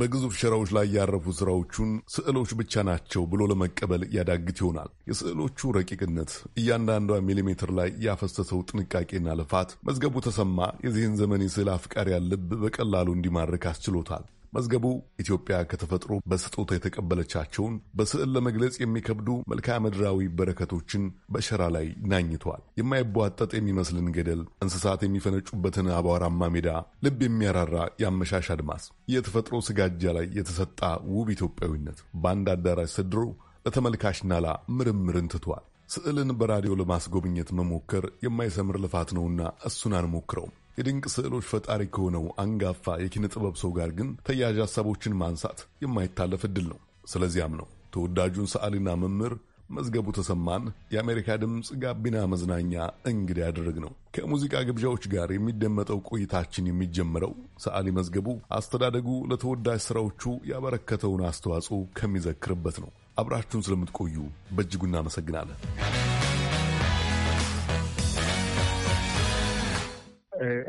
በግዙፍ ሸራዎች ላይ ያረፉ ስራዎቹን ስዕሎች ብቻ ናቸው ብሎ ለመቀበል ያዳግት ይሆናል። የስዕሎቹ ረቂቅነት፣ እያንዳንዷ ሚሊሜትር ላይ ያፈሰሰው ጥንቃቄና ልፋት መዝገቡ ተሰማ የዚህን ዘመን የስዕል አፍቃሪያን ልብ በቀላሉ እንዲማርክ አስችሎታል። መዝገቡ ኢትዮጵያ ከተፈጥሮ በስጦታ የተቀበለቻቸውን በስዕል ለመግለጽ የሚከብዱ መልክዓ ምድራዊ በረከቶችን በሸራ ላይ ናኝቷል። የማይቧጠጥ የሚመስልን ገደል፣ እንስሳት የሚፈነጩበትን አቧራማ ሜዳ፣ ልብ የሚያራራ የአመሻሽ አድማስ፣ የተፈጥሮ ስጋጃ ላይ የተሰጣ ውብ ኢትዮጵያዊነት በአንድ አዳራሽ ሰድሮ ለተመልካች ናላ ምርምርን ትቷል። ስዕልን በራዲዮ ለማስጎብኘት መሞከር የማይሰምር ልፋት ነውና እሱን አንሞክረውም። የድንቅ ስዕሎች ፈጣሪ ከሆነው አንጋፋ የኪነ ጥበብ ሰው ጋር ግን ተያያዥ ሀሳቦችን ማንሳት የማይታለፍ እድል ነው። ስለዚያም ነው ተወዳጁን ሰዓሊና መምህር መዝገቡ ተሰማን የአሜሪካ ድምፅ ጋቢና መዝናኛ እንግዳ ያደረግ ነው። ከሙዚቃ ግብዣዎች ጋር የሚደመጠው ቆይታችን የሚጀምረው ሰዓሊ መዝገቡ አስተዳደጉ ለተወዳጅ ሥራዎቹ ያበረከተውን አስተዋጽኦ ከሚዘክርበት ነው። አብራችሁን ስለምትቆዩ በእጅጉ እናመሰግናለን።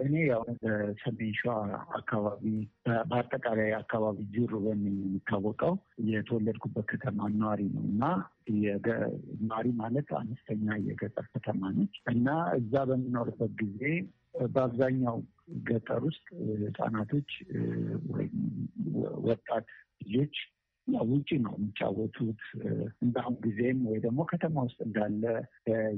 እኔ ያው በሰሜን ሸዋ አካባቢ በአጠቃላይ አካባቢ ጅሩ በሚል የሚታወቀው የተወለድኩበት ከተማ ነዋሪ ነው እና ነዋሪ ማለት አነስተኛ የገጠር ከተማ ነች እና እዛ በምኖርበት ጊዜ በአብዛኛው ገጠር ውስጥ ህጻናቶች ወይም ወጣት ልጆች ያው ውጭ ነው የሚጫወቱት። እንደአሁን ጊዜም ወይ ደግሞ ከተማ ውስጥ እንዳለ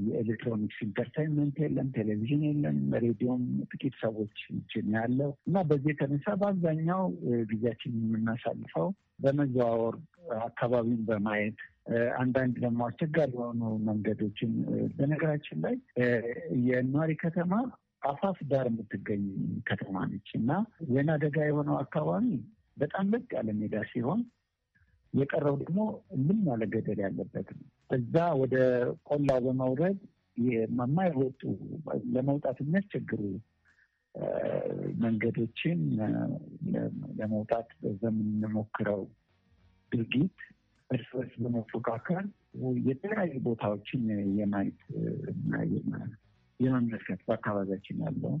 የኤሌክትሮኒክስ ኢንተርታይንመንት የለም፣ ቴሌቪዥን የለም፣ ሬዲዮም ጥቂት ሰዎች ችን ያለው እና በዚህ የተነሳ በአብዛኛው ጊዜያችን የምናሳልፈው በመዘዋወር አካባቢውን በማየት አንዳንድ ደግሞ አስቸጋሪ የሆኑ መንገዶችን በነገራችን ላይ የኗሪ ከተማ አፋፍ ዳር የምትገኝ ከተማ ነች እና ወይን ደጋ የሆነው አካባቢ በጣም ለቅ ያለ ሜዳ ሲሆን የቀረው ደግሞ ምን ያለ ገደል ያለበት እዛ ወደ ቆላው በመውረድ የማይወጡ ለመውጣት የሚያስቸግሩ መንገዶችን ለመውጣት በምንሞክረው ድርጊት እርስ በርስ በመፎካከር የተለያዩ ቦታዎችን የማየት እና የመመልከት በአካባቢያችን ያለው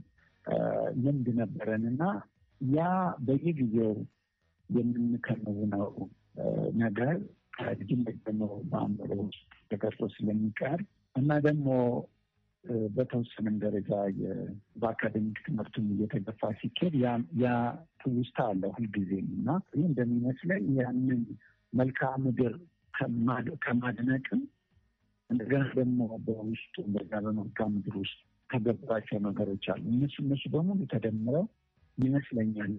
ልምድ ነበረን እና ያ በየጊዜው ነው። ነገር ድንገት ደግሞ በአእምሮ ውስጥ ተከርቶ ስለሚቀር እና ደግሞ በተወሰነም ደረጃ በአካደሚክ ትምህርቱም እየተገፋ ሲኬድ ያ ትውስታ አለ ሁልጊዜም እና ይህ እንደሚመስለኝ ያንን መልክዓ ምድር ከማድነቅም እንደገና ደግሞ በውስጡ እንደዛ በመልክዓ ምድር ውስጥ ተገባቸው ነገሮች አሉ። እነሱ እነሱ በሙሉ ተደምረው ይመስለኛል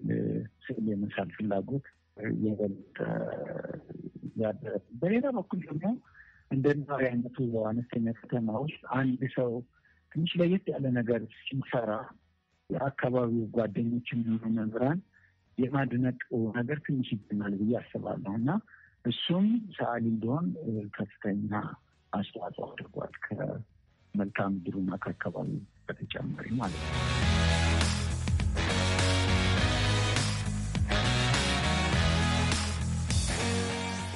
ስዕል የመሳል ፍላጎት ይበልጥ ያደረስ። በሌላ በኩል ደግሞ እንደ ነዋሪ አይነቱ አነስተኛ ከተማ ውስጥ አንድ ሰው ትንሽ ለየት ያለ ነገር ሲሰራ የአካባቢው የሚሆኑ መምህራን የማድነቅ ነገር ትንሽ ይገናል ብዬ አስባለሁ እና እሱም ሰዓሊ እንደሆን ከፍተኛ አስተዋጽኦ አድርጓል። ከመልካም ምድሩና ከአካባቢ በተጨማሪ ማለት ነው።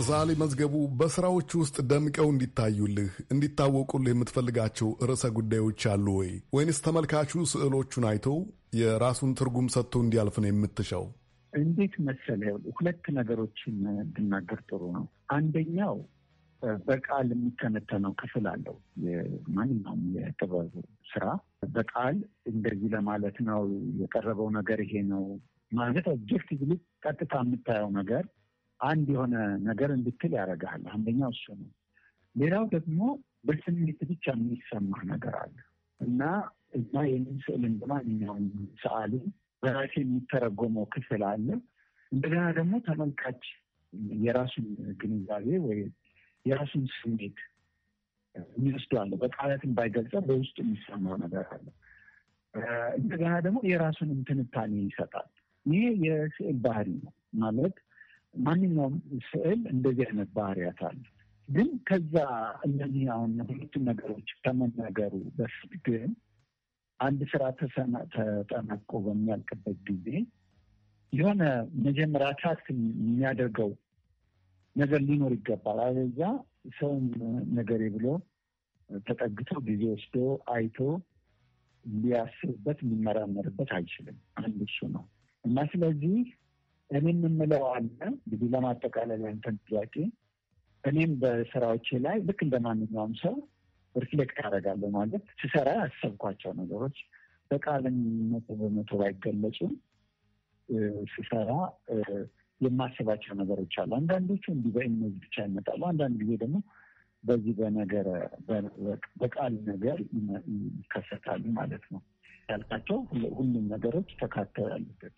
ዛሌ መዝገቡ በስራዎች ውስጥ ደምቀው እንዲታዩልህ እንዲታወቁልህ የምትፈልጋቸው ርዕሰ ጉዳዮች አሉ ወይ? ወይንስ ተመልካቹ ስዕሎቹን አይቶ የራሱን ትርጉም ሰጥቶ እንዲያልፍ ነው የምትሻው? እንዴት መሰለ፣ ሁለት ነገሮችን ብናገር ጥሩ ነው። አንደኛው በቃል የሚተነተነው ክፍል አለው። ማንኛውም የጥበብ ስራ በቃል እንደዚህ ለማለት ነው የቀረበው ነገር ይሄ ነው ማለት ኦብጀክቲቭ፣ ቀጥታ የምታየው ነገር አንድ የሆነ ነገር እንድትል ያደርግሃል። አንደኛው እሱ ነው። ሌላው ደግሞ በስሜት ብቻ የሚሰማ ነገር አለ እና እዛ ይህንን ስዕል እንደማንኛውም ሰዓሊ በራሴ የሚተረጎመው ክፍል አለ። እንደገና ደግሞ ተመልካች የራሱን ግንዛቤ ወይ የራሱን ስሜት የሚወስዱ አለ። በቃላትን ባይገልጸ በውስጡ የሚሰማው ነገር አለ። እንደገና ደግሞ የራሱንም ትንታኔ ይሰጣል። ይሄ የስዕል ባህሪ ነው ማለት ማንኛውም ስዕል እንደዚህ አይነት ባህሪያት አለ። ግን ከዛ እነዚህ አሁን ሁለቱም ነገሮች ከመናገሩ በፊት ግን አንድ ስራ ተጠናቆ በሚያልቅበት ጊዜ የሆነ መጀመሪያ ታክት የሚያደርገው ነገር ሊኖር ይገባል። አለዚያ ሰውም ነገሬ ብሎ ተጠግቶ ጊዜ ወስዶ አይቶ ሊያስብበት ሊመራመርበት አይችልም። አንድ እሱ ነው እና ስለዚህ እኔም የምለው አለ እንግዲህ ለማጠቃለል ያንተን ጥያቄ እኔም በስራዎቼ ላይ ልክ እንደ ማንኛውም ሰው ሪፍሌክት አደርጋለሁ። ማለት ስሰራ ያሰብኳቸው ነገሮች በቃልም መቶ በመቶ ባይገለጹም ስሰራ የማስባቸው ነገሮች አሉ። አንዳንዶቹ እንዲህ በእነዚህ ብቻ ይመጣሉ። አንዳንድ ጊዜ ደግሞ በዚህ በነገር በቃል ነገር ይከሰታሉ ማለት ነው። ያልካቸው ሁሉም ነገሮች ተካተው ያሉበት።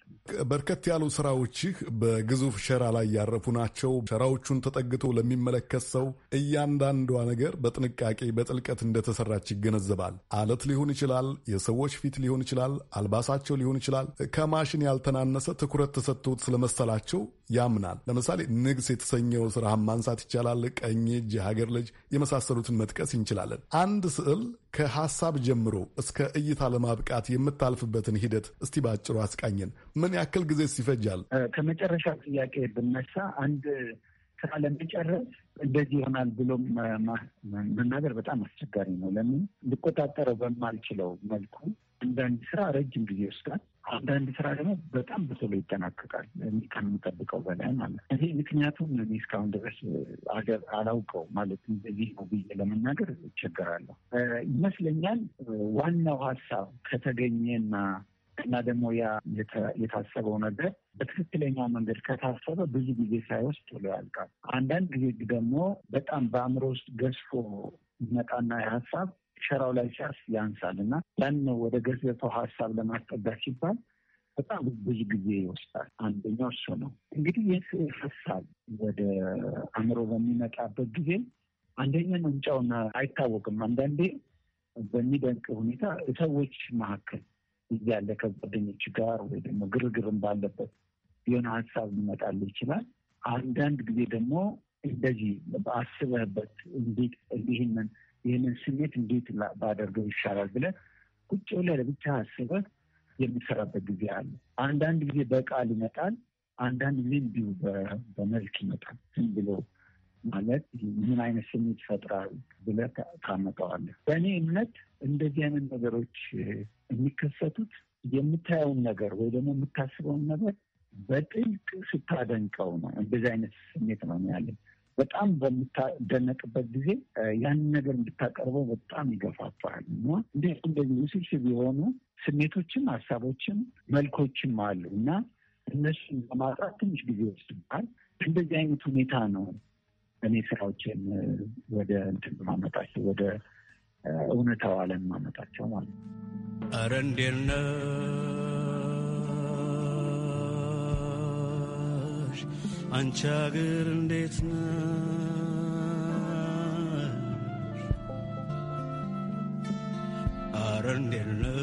በርከት ያሉ ስራዎችህ በግዙፍ ሸራ ላይ ያረፉ ናቸው። ሸራዎቹን ተጠግቶ ለሚመለከት ሰው እያንዳንዷ ነገር በጥንቃቄ በጥልቀት እንደተሰራች ይገነዘባል። አለት ሊሆን ይችላል፣ የሰዎች ፊት ሊሆን ይችላል፣ አልባሳቸው ሊሆን ይችላል። ከማሽን ያልተናነሰ ትኩረት ተሰጥቶት ስለመሰላቸው ያምናል። ለምሳሌ ንግስ የተሰኘው ስራህን ማንሳት ይቻላል። ቀኝ እጅ፣ የሀገር ልጅ የመሳሰሉትን መጥቀስ እንችላለን። አንድ ስዕል ከሀሳብ ጀምሮ እስከ እይታ ለማብቃት ጥቃት የምታልፍበትን ሂደት እስቲ ባጭሩ አስቃኝን። ምን ያክል ጊዜ ይፈጃል? ከመጨረሻ ጥያቄ ብነሳ አንድ ስራ ለመጨረስ እንደዚህ ይሆናል ብሎ መናገር በጣም አስቸጋሪ ነው። ለምን ሊቆጣጠረው በማልችለው መልኩ አንዳንድ ስራ ረጅም ጊዜ ይወስዳል። አንዳንድ ስራ ደግሞ በጣም በቶሎ ይጠናቀቃል ከምንጠብቀው በላይ ማለት ነው። ይሄ ምክንያቱም እኔ እስካሁን ድረስ አገር አላውቀው ማለት እንደዚህ ነው ብዬ ለመናገር ይቸገራለሁ ይመስለኛል። ዋናው ሀሳብ ከተገኘና እና ደግሞ ያ የታሰበው ነገር በትክክለኛው መንገድ ከታሰበ ብዙ ጊዜ ሳይወስድ ቶሎ ያልቃል። አንዳንድ ጊዜ ደግሞ በጣም በአእምሮ ውስጥ ገዝፎ ይመጣና የሀሳብ ሸራው ላይ ሲያርስ ያንሳል እና ያን ወደ ገዘተው ሀሳብ ለማስጠጋት ሲባል በጣም ብዙ ጊዜ ይወስዳል። አንደኛው እሱ ነው። እንግዲህ የስዕል ሀሳብ ወደ አእምሮ በሚመጣበት ጊዜ አንደኛ ምንጫውን አይታወቅም። አንዳንዴ በሚደንቅ ሁኔታ ሰዎች መካከል እያለ ከጓደኞች ጋር ወይ ደግሞ ግርግርም ባለበት የሆነ ሀሳብ ሊመጣል ይችላል። አንዳንድ ጊዜ ደግሞ እንደዚህ በአስበህበት እንዴት እንዲህንን ይህንን ስሜት እንዴት ባደርገው ይሻላል ብለህ ቁጭ ብለህ ለብቻ አስበህ የምትሰራበት ጊዜ አለ። አንዳንድ ጊዜ በቃል ይመጣል፣ አንዳንድ ጊዜ እንዲሁ በመልክ ይመጣል። ዝም ብሎ ማለት ምን አይነት ስሜት ይፈጥራል ብለህ ታመጣዋለህ። በእኔ እምነት እንደዚህ አይነት ነገሮች የሚከሰቱት የምታየውን ነገር ወይ ደግሞ የምታስበውን ነገር በጥልቅ ስታደንቀው ነው። እንደዚህ አይነት ስሜት ነው ያለን በጣም በምታደነቅበት ጊዜ ያንን ነገር እንድታቀርበው በጣም ይገፋፋል እና እንደ እንደዚህ ውስብስብ የሆኑ ስሜቶችም ሀሳቦችም መልኮችም አሉ እና እነሱን ለማጥራት ትንሽ ጊዜ ይወስድብሃል። እንደዚህ አይነት ሁኔታ ነው እኔ ስራዎችን ወደ እንትን ማመጣቸው ወደ እውነታው ዓለም ማመጣቸው ማለት ነው። ኧረ እንዴት ነሽ አንቺ አገር እንዴት ነሽ? አረ እንዴት ነሽ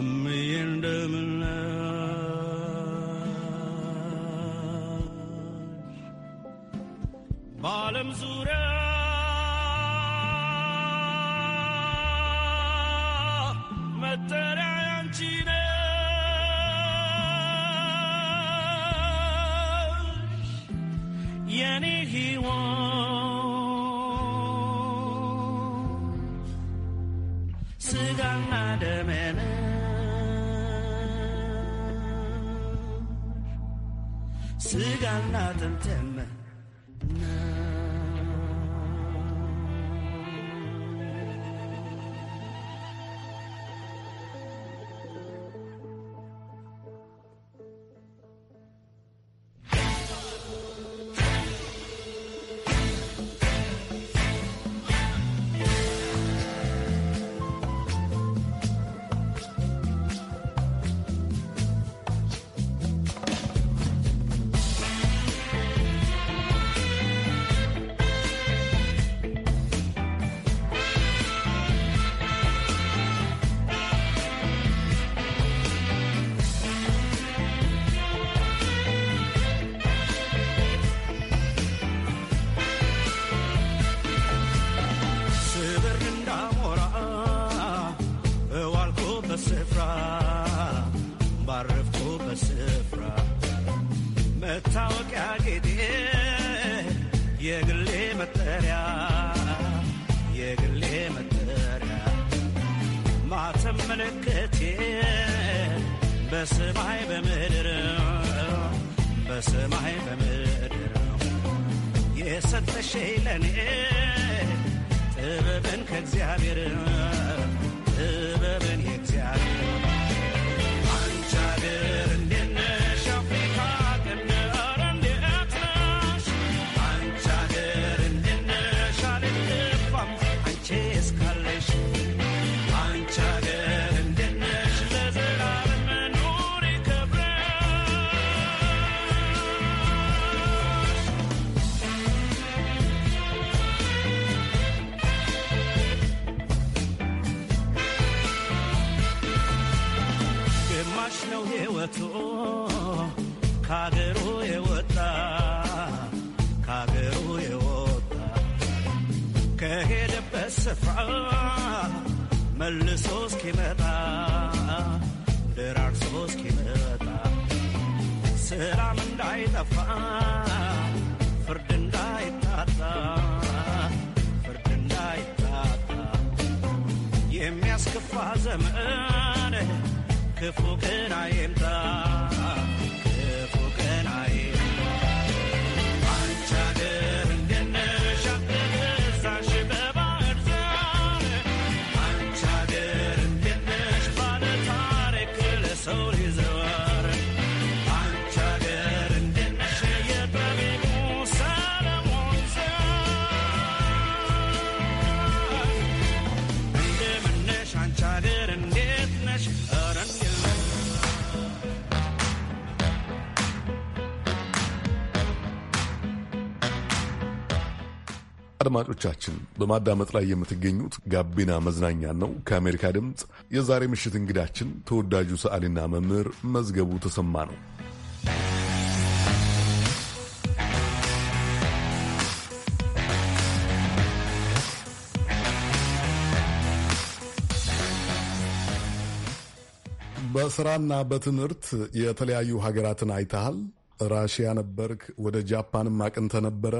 እምዬ እንደምን ደሜን ስጋና አጥንቴን በሰማይ በምድር በሰማይ በምድር የሰጠሽኝ ለኔ ጥበብን ከእግዚአብሔር ጥበብን የእግዚአብሔር አድማጮቻችን በማዳመጥ ላይ የምትገኙት ጋቢና መዝናኛ ነው ከአሜሪካ ድምፅ። የዛሬ ምሽት እንግዳችን ተወዳጁ ሰዓሊና መምህር መዝገቡ ተሰማ ነው። በስራና በትምህርት የተለያዩ ሀገራትን አይተሃል። ራሽያ ነበርክ፣ ወደ ጃፓንም አቅንተ ነበረ።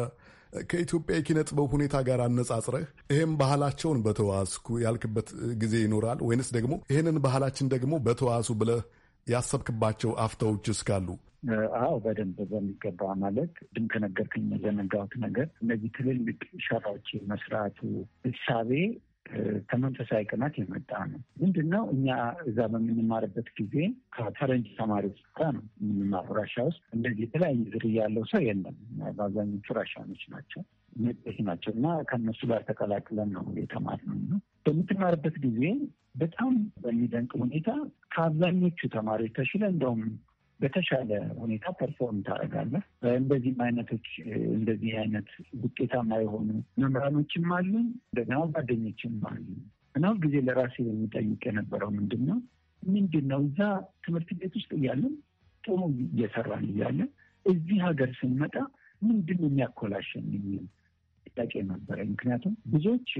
ከኢትዮጵያ የኪነ ጥበብ ሁኔታ ጋር አነጻጽረህ ይህም ባህላቸውን በተዋስኩ ያልክበት ጊዜ ይኖራል ወይንስ ደግሞ ይህንን ባህላችን ደግሞ በተዋሱ ብለህ ያሰብክባቸው አፍታዎች እስካሉ? አዎ በደንብ በሚገባ ማለት ድም ከነገርክኝ የዘነጋሁት ነገር እነዚህ ትልልቅ ሸራዎች መስራቱ እሳቤ ከመንፈሳዊ ቅናት የመጣ ነው። ምንድን ነው? እኛ እዛ በምንማርበት ጊዜ ከፈረንጅ ተማሪዎች ጋር ነው የምንማሩ። ራሻ ውስጥ እንደዚህ የተለያየ ዝርያ ያለው ሰው የለም። በአብዛኞቹ ራሻኖች ናቸው፣ ነጮች ናቸው እና ከእነሱ ጋር ተቀላቅለን ነው የተማርነው ነው። በምትማርበት ጊዜ በጣም በሚደንቅ ሁኔታ ከአብዛኞቹ ተማሪዎች ተሽለ እንደውም በተሻለ ሁኔታ ፐርፎርም ታደርጋለህ። እንደዚህም አይነቶች እንደዚህ አይነት ውጤታማ የሆኑ መምህራኖችም አሉ፣ እንደገና ጓደኞችም አሉ። እና ጊዜ ለራሴ የሚጠይቅ የነበረው ምንድን ነው ምንድን ነው እዛ ትምህርት ቤት ውስጥ እያለን ጥሩ እየሰራን እያለን እዚህ ሀገር ስንመጣ ምንድን ነው የሚያኮላሸን የሚል ጥያቄ ነበረ። ምክንያቱም ብዙዎች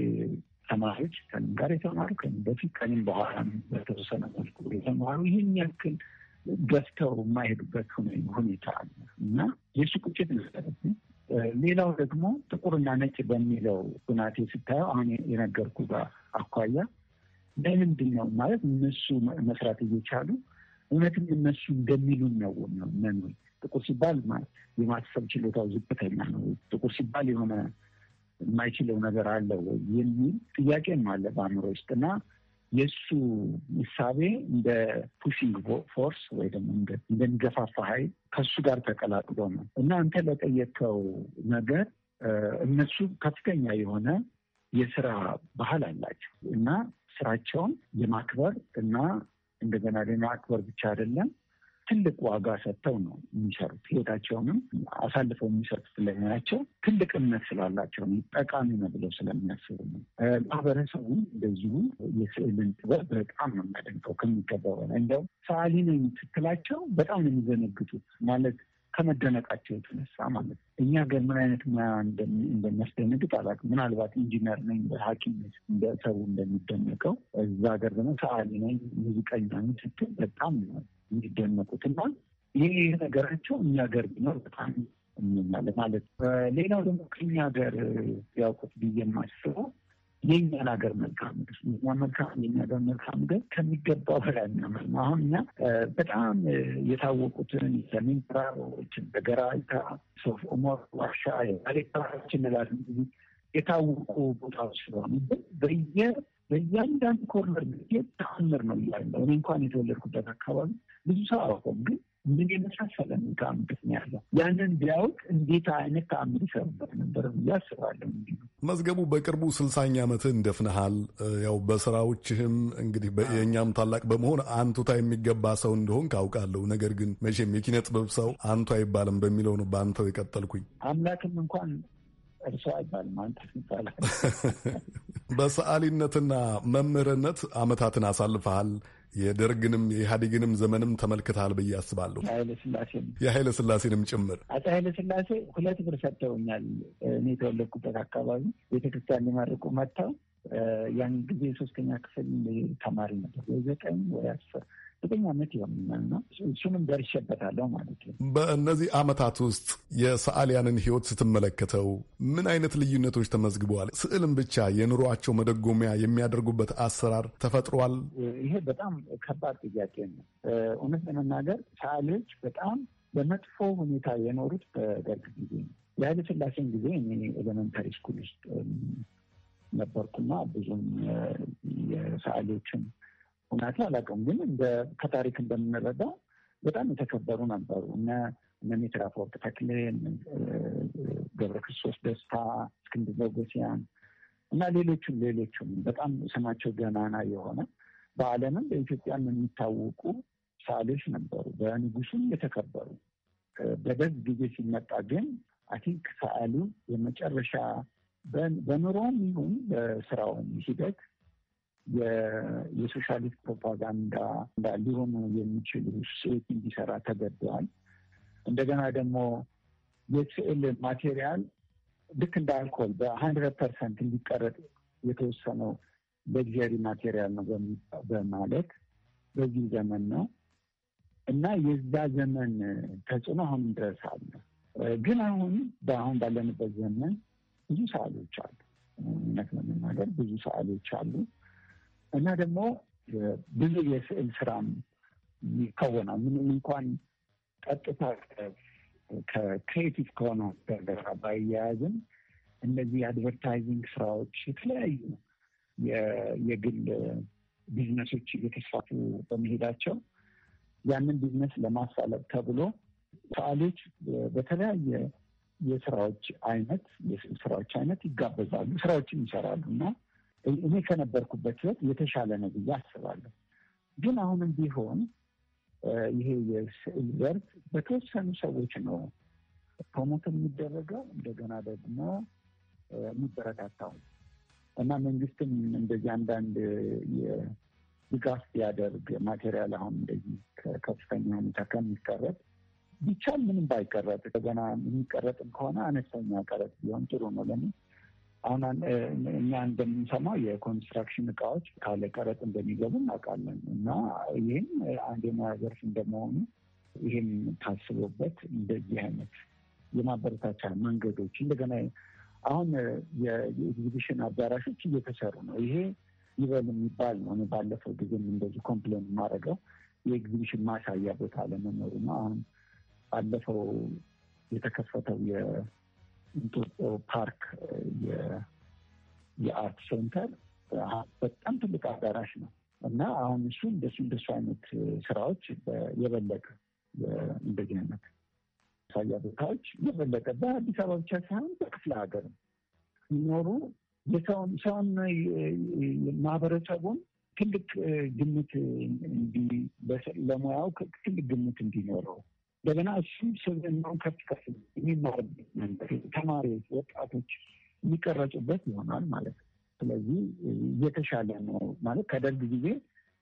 ተማሪዎች ከእኔም ጋር የተማሩ ከእኔም በፊት ከእኔም በኋላ በተወሰነ መልኩ የተማሩ ይህን ያክል ገፍተው የማይሄዱበት ሁኔታ አለ እና የሱ ቁጭት ሌላው ደግሞ ጥቁርና ነጭ በሚለው ሁናቴ ስታየው አሁን የነገርኩ አኳያ ለምንድን ነው ማለት እነሱ መስራት እየቻሉ እውነትም እነሱ እንደሚሉን ነው መኖ ጥቁር ሲባል የማሰብ ችሎታው ዝቅተኛ ነው፣ ጥቁር ሲባል የሆነ የማይችለው ነገር አለው የሚል ጥያቄም አለ በአእምሮ ውስጥ እና የእሱ እሳቤ እንደ ፑሽንግ ፎርስ ወይ ደግሞ እንደሚገፋፋ ኃይል ከሱ ጋር ተቀላቅሎ ነው እና አንተ ለጠየቀው ነገር እነሱ ከፍተኛ የሆነ የስራ ባህል አላቸው እና ስራቸውን የማክበር እና እንደገና ደግሞ አክበር ብቻ አይደለም ትልቅ ዋጋ ሰጥተው ነው የሚሰሩት። ህይወታቸውንም አሳልፈው የሚሰጡት ስለሙያቸው ትልቅ እምነት ስላላቸው ነው፣ ጠቃሚ ነው ብለው ስለሚያስቡ ነው። ማህበረሰቡ እንደዚሁ የስዕልን ጥበብ በጣም ነው የሚያደንቀው ከሚገባ በላይ። እንደው ሰዓሊ ነኝ ስትላቸው በጣም ነው የሚዘነግጡት ማለት ከመደነቃቸው የተነሳ ማለት ነው። እኛ ግን ምን አይነት ሙያ እንደሚያስደነግጥ አላውቅም። ምናልባት ኢንጂነር ነኝ ሐኪም እንደ ሰው እንደሚደነቀው እዛ ሀገር ደግሞ ሰዓሊ ነኝ ሙዚቀኛ ነኝ ስትል በጣም የሚደነቁት እና ይህ ይህ ነገራቸው እኛ ገር ቢኖር በጣም እመኛለሁ ማለት ሌላው ደግሞ ከኛ ሀገር ያውቁት ብዬ የማስበው የእኛን ሀገር መልካም ምድር መልካም የኛ መልካም ምድር ከሚገባው በላይ የሚያምር ነው። አሁን እኛ በጣም የታወቁትን የሰሜን ተራሮችን በገራይታ ሶፍ ኦሞር ዋሻ የባሌ ተራሮች እንላለን የታወቁ ቦታዎች ስለሆኑ በየ በእያንዳንድ ኮርነር ጊዜ ተአምር ነው እያለ እኔ እንኳን የተወለድኩበት አካባቢ ብዙ ሰው አውቆም ግን ምን የመሳሰለ ታምር ያለው ያንን ቢያውቅ እንዴት አይነት ተአምር ይሰሩበት ነበር ብዬ አስባለሁ። መዝገቡ በቅርቡ ስልሳኛ ዓመትህ እንደፍንሃል ያው በስራዎችህም እንግዲህ የእኛም ታላቅ በመሆን አንቱታ የሚገባ ሰው እንደሆን ካውቃለሁ። ነገር ግን መቼም የኪነ ጥበብ ሰው አንቱ አይባልም በሚለው ነው በአንተው የቀጠልኩኝ። አምላክም እንኳን እርሶ አይባልም ይባላል። በሰዓሊነትና መምህርነት አመታትን አሳልፈሃል። የደርግንም የኢህአዴግንም ዘመንም ተመልክተሃል ብዬ አስባለሁ። የኃይለ ስላሴንም ጭምር ኃይለ ስላሴ ሁለት ብር ሰጥተውኛል። እኔ የተወለድኩበት አካባቢ ቤተክርስቲያን ሊመርቁ መጥተው ያን ጊዜ ሶስተኛ ክፍል ተማሪ ነበር ወይ ዘጠኝ ወይ አስር እርግጠኛነት ይሆንና እሱንም ደርሼበታለሁ ማለት ነው። በእነዚህ አመታት ውስጥ የሰዓሊያንን ህይወት ስትመለከተው ምን አይነት ልዩነቶች ተመዝግበዋል? ስዕልም ብቻ የኑሯቸው መደጎሚያ የሚያደርጉበት አሰራር ተፈጥሯል? ይሄ በጣም ከባድ ጥያቄ ነው። እውነት ለመናገር ሰዓሊዎች በጣም በመጥፎ ሁኔታ የኖሩት በደርግ ጊዜ ነው። የኃይለ ስላሴን ጊዜ እኔ ኤሌመንታሪ ስኩል ውስጥ ነበርኩና ብዙም የሰዓሊዎችን እውነት አላውቅም፣ ግን እንደ ከታሪክ እንደምንረዳ በጣም የተከበሩ ነበሩ እነ እነ ሜትር አፈወርቅ ተክሌ፣ ገብረ ክርስቶስ ደስታ፣ እስክንድር ቦጎሲያን እና ሌሎቹም ሌሎቹም በጣም ስማቸው ገናና የሆነ በዓለምም በኢትዮጵያም የሚታወቁ ሳሌዎች ነበሩ። በንጉሱም የተከበሩ በደርግ ጊዜ ሲመጣ ግን አቲንክ ሰዓሊ የመጨረሻ በኑሮውም ይሁን በስራውም ሂደት የሶሻሊስት ፕሮፓጋንዳ ሊሆኑ የሚችሉ ስዕል እንዲሰራ ተገደዋል። እንደገና ደግሞ የስዕል ማቴሪያል ልክ እንደ አልኮል በሀንድረድ ፐርሰንት እንዲቀረጥ የተወሰነው ለግዘሪ ማቴሪያል ነው በማለት በዚህ ዘመን ነው እና የዛ ዘመን ተጽዕኖ አሁንም ድረስ አለ። ግን አሁን በአሁን ባለንበት ዘመን ብዙ ሰዓሎች አሉ። እውነት ለመናገር ብዙ ሰዓሎች አሉ። እና ደግሞ ብዙ የስዕል ስራም ይከወናል። ምንም እንኳን ቀጥታ ከክሬቲቭ ከሆነ ጋር ባያያዝም እነዚህ የአድቨርታይዚንግ ስራዎች የተለያዩ የግል ቢዝነሶች እየተስፋፉ በመሄዳቸው ያንን ቢዝነስ ለማሳለጥ ተብሎ ሰዓሊዎች በተለያየ የስራዎች አይነት ስራዎች አይነት ይጋበዛሉ፣ ስራዎችን ይሰራሉ እና እኔ ከነበርኩበት ህይወት የተሻለ ነው ብዬ አስባለሁ። ግን አሁንም ቢሆን ይሄ የስዕል ዘርፍ በተወሰኑ ሰዎች ነው ፕሮሞት የሚደረገው እንደገና ደግሞ የሚበረታታው እና መንግስትም እንደዚህ አንዳንድ ድጋፍ ቢያደርግ ማቴሪያል አሁን እንደዚህ ከከፍተኛ ሁኔታ ከሚቀረጥ ቢቻል ምንም ባይቀረጥ እንደገና የሚቀረጥም ከሆነ አነስተኛ ቀረጥ ቢሆን ጥሩ ነው ለምን አሁን እኛ እንደምንሰማው የኮንስትራክሽን እቃዎች ካለ ቀረጥ እንደሚገቡ እናውቃለን እና ይህም አንድ የሙያ ዘርፍ እንደመሆኑ ይህም ታስቦበት እንደዚህ አይነት የማበረታቻ መንገዶች እንደገና አሁን የኤግዚቢሽን አዳራሾች እየተሰሩ ነው። ይሄ ይበል የሚባል ነው። ባለፈው ጊዜም እንደዚህ ኮምፕሌን የማደርገው የኤግዚቢሽን ማሳያ ቦታ ለመኖሩ ነው። አሁን ባለፈው የተከፈተው የእንጦጦ ፓርክ የአርት ሴንተር በጣም ትልቅ አዳራሽ ነው እና አሁን እሱ እንደሱ እንደሱ አይነት ስራዎች የበለቀ እንደዚህ አይነት ሳያ ቦታዎች የበለቀ በአዲስ አበባ ብቻ ሳይሆን በክፍለ ሀገር ሲኖሩ የሰውን ሰውን ማህበረሰቡን ትልቅ ግምት ለሙያው ትልቅ ግምት እንዲኖረው እንደገና እሱም ስብዕናውን ከፍ ከፍ የሚማርበት ተማሪዎች፣ ወጣቶች የሚቀረጹበት ይሆናል ማለት ነው። ስለዚህ እየተሻለ ነው ማለት ከደርግ ጊዜ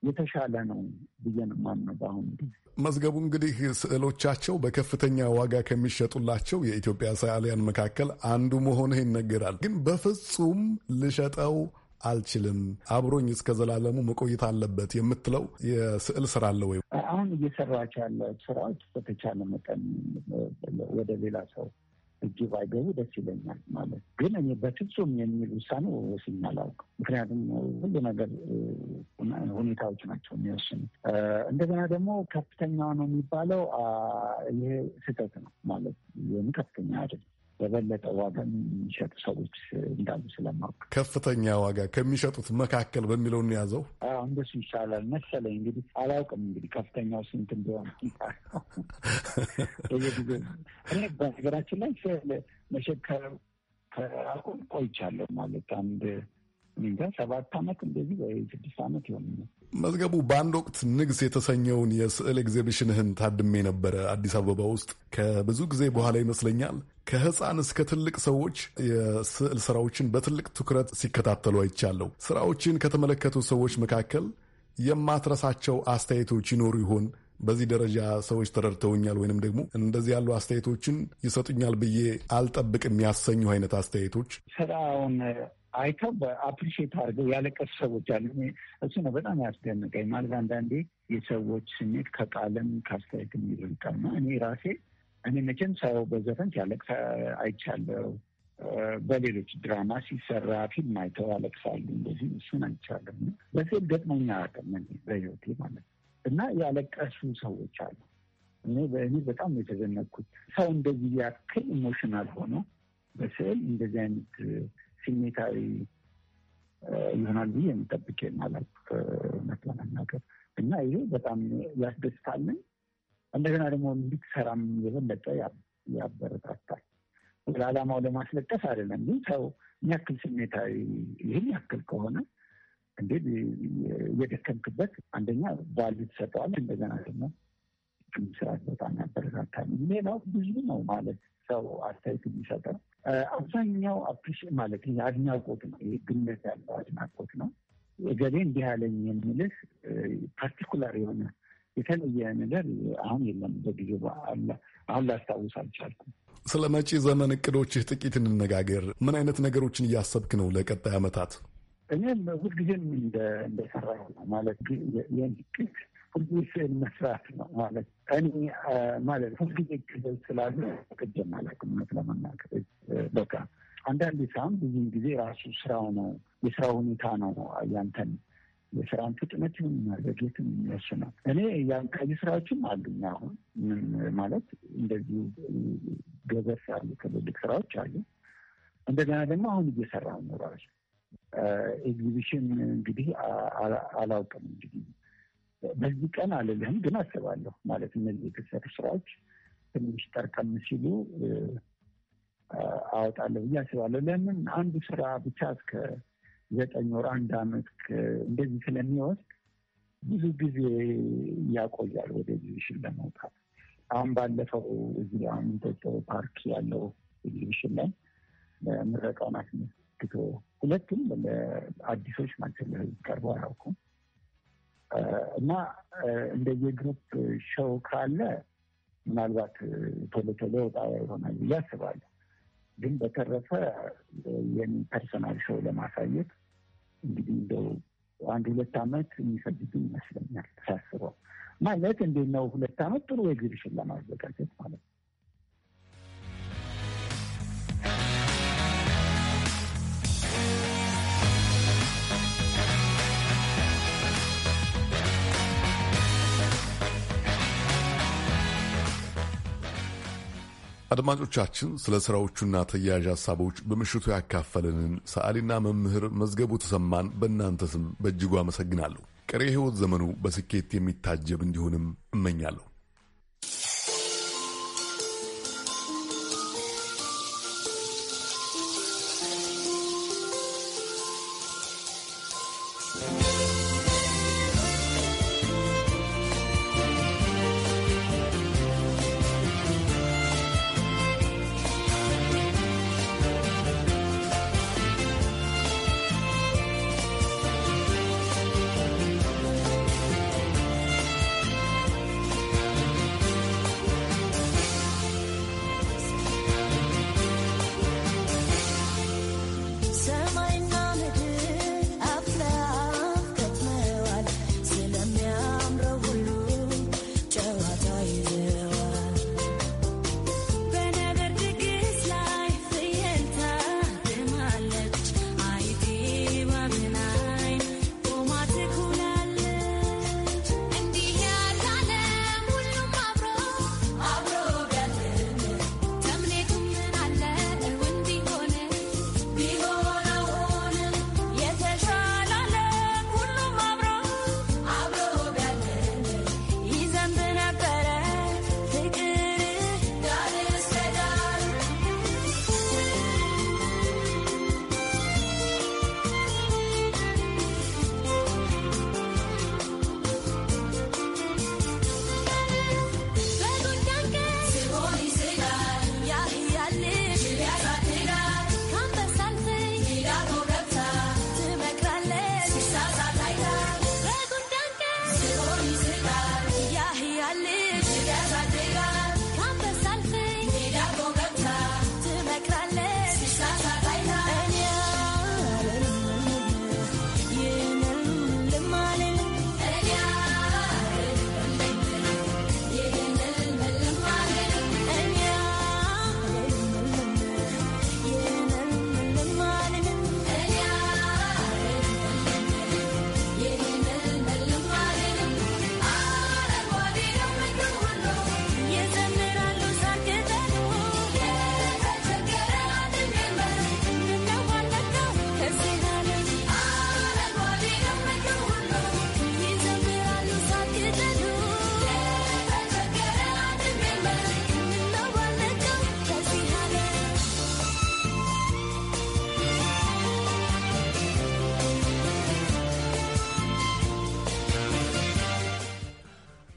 የተሻለ ነው ብዬ ነው የማምነው። በአሁኑ ጊዜ መዝገቡ እንግዲህ ስዕሎቻቸው በከፍተኛ ዋጋ ከሚሸጡላቸው የኢትዮጵያ ሰዓሊያን መካከል አንዱ መሆንህ ይነገራል። ግን በፍጹም ልሸጠው አልችልም፣ አብሮኝ እስከ ዘላለሙ መቆየት አለበት የምትለው የስዕል ስራ አለ ወይ? አሁን እየሰራች ያለ ስራዎች በተቻለ መጠን ወደ ሌላ ሰው እጅ ባይገቡ ደስ ይለኛል ማለት ግን እኔ በፍጹም የሚል ውሳኔ ወስኜ አላውቅም። ምክንያቱም ሁሉ ነገር ሁኔታዎች ናቸው የሚወስኑ። እንደገና ደግሞ ከፍተኛ ነው የሚባለው ይሄ ስህተት ነው ማለት ይህም ከፍተኛ አይደለም። በበለጠ ዋጋ የሚሸጡ ሰዎች እንዳሉ ስለማውቅ ከፍተኛ ዋጋ ከሚሸጡት መካከል በሚለው እንያዘው። እንደሱ ይሻላል መሰለኝ። እንግዲህ አላውቅም፣ እንግዲህ ከፍተኛው ስንት እንደሆነ እኔ በነገራችን ላይ መሸከር ከአቁም ቆይቻለሁ ማለት አንድ እንጃ ሰባት ዓመት እንደዚህ ወይ ስድስት ዓመት ይሆን። መዝገቡ በአንድ ወቅት ንግስ የተሰኘውን የስዕል ኤግዚቢሽንህን ታድሜ ነበረ አዲስ አበባ ውስጥ ከብዙ ጊዜ በኋላ ይመስለኛል። ከህፃን እስከ ትልቅ ሰዎች የስዕል ስራዎችን በትልቅ ትኩረት ሲከታተሉ አይቻለሁ። ስራዎችን ከተመለከቱ ሰዎች መካከል የማትረሳቸው አስተያየቶች ይኖሩ ይሆን? በዚህ ደረጃ ሰዎች ተረድተውኛል ወይንም ደግሞ እንደዚህ ያሉ አስተያየቶችን ይሰጡኛል ብዬ አልጠብቅም ያሰኙ አይነት አስተያየቶች ስራውን አይተው በአፕሪሼት አድርገው ያለቀሱ ሰዎች አሉ። እሱ ነው በጣም ያስደንቀኝ። ማለት አንዳንዴ የሰዎች ስሜት ከቃለም ከአስተያየትም ይበልጣል እና እኔ ራሴ እኔ መቼም ሰው በዘፈን ሲያለቅስ አይቻለው። በሌሎች ድራማ ሲሰራ ፊልም አይተው ያለቅሳሉ። እንደዚህ እሱን አይቻለም። በስዕል ገጥመኛ አቅም በህይወቴ ማለት እና ያለቀሱ ሰዎች አሉ። እኔ በእኔ በጣም የተዘነኩት ሰው እንደዚህ ያክል ኢሞሽናል ሆኖ በስዕል እንደዚህ አይነት ስሜታዊ ይሆናል ብዬ የሚጠብቅ ማለት እውነት ለመናገር እና ይሄ በጣም ያስደስታልን። እንደገና ደግሞ እንድትሰራም የበለጠ ያበረታታል። ለዓላማው ለማስለጠፍ አይደለም ግን ሰው የሚያክል ስሜታዊ ይህን ያክል ከሆነ እንዴት የደከምክበት አንደኛ ባሉ ትሰጠዋል እንደገና ደግሞ ሌሎችም ስራት በጣም ያበረታታል። ሌላው ብዙ ነው ማለት ሰው አስተያየት የሚሰጠው አብዛኛው አፕሪሽ ማለት አድናቆት ነው። ይህ ያለው አድናቆት ነው። ገሌ እንዲህ ያለኝ የሚልህ ፓርቲኩላር የሆነ የተለየ ነገር አሁን የለም። በጊዜ አለ አሁን ላስታውስ አልቻልኩም። ስለ መጪ ዘመን እቅዶችህ ጥቂት እንነጋገር። ምን አይነት ነገሮችን እያሰብክ ነው ለቀጣይ ዓመታት? እኔም ሁልጊዜም እንደሰራ ነው ማለት የእቅድ ስዕል መስራት ነው ማለት እኔ ማለት ሁልጊዜ ክብል ስላለ ቅጀም አላውቅም። እውነት ለመናገር በቃ አንዳንድ ሳም ብዙን ጊዜ ራሱ ስራው ነው የስራ ሁኔታ ነው ያንተን የስራን ፍጥነት ማዘግየትን ነው። እኔ የአንቃይ ስራዎችም አሉኝ። አሁን ማለት እንደዚሁ ገበስ ያሉ ትልልቅ ስራዎች አሉ። እንደገና ደግሞ አሁን እየሰራ ነው ራሱ ኤግዚቢሽን እንግዲህ አላውቅም እንግዲህ በዚህ ቀን አልልህም፣ ግን አስባለሁ ማለት እነዚህ የተሰሩ ስራዎች ትንሽ ጠርቀም ሲሉ አወጣለሁ ብዬ አስባለሁ። ለምን አንዱ ስራ ብቻ እስከ ዘጠኝ ወር አንድ አመት እንደዚህ ስለሚወስድ ብዙ ጊዜ ያቆያል ወደዚህ ኤግዚቢሽን ለመውጣት። አሁን ባለፈው እዚህ አሁን እንጦጦ ፓርክ ያለው ኤግዚቢሽን ላይ ምረቃውን አስመልክቶ ሁለቱም ለአዲሶች ማለት ለህዝብ ቀርቦ አያውቁም እና እንደ የግሩፕ ሸው ካለ ምናልባት ቶሎ ቶሎ ወጣ ይሆናል ብዬ አስባለሁ። ግን በተረፈ ይህን ፐርሶናል ሾው ለማሳየት እንግዲህ እንደው አንድ ሁለት ዓመት የሚፈልግ ይመስለኛል ሳስበው። ማለት እንዴት ነው ሁለት ዓመት ጥሩ ኤግዚቢሽን ለማዘጋጀት ማለት ነው። አድማጮቻችን ስለ ስራዎቹና ተያያዥ ሀሳቦች በምሽቱ ያካፈለንን ሰዓሊና መምህር መዝገቡ ተሰማን በእናንተ ስም በእጅጉ አመሰግናለሁ። ቀሪ የህይወት ዘመኑ በስኬት የሚታጀብ እንዲሆንም እመኛለሁ።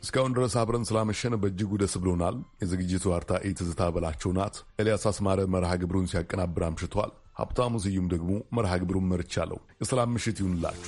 እስካሁን ድረስ አብረን ስላመሸን በእጅጉ ደስ ብሎናል። የዝግጅቱ አርታኢ ትዝታ በላቸው ናት። ኤልያስ አስማረ መርሃ ግብሩን ሲያቀናብር አምሽቷል። ሀብታሙ ስዩም ደግሞ መርሃ ግብሩን መርቻለሁ። የሰላም ምሽት ይሁንላችሁ።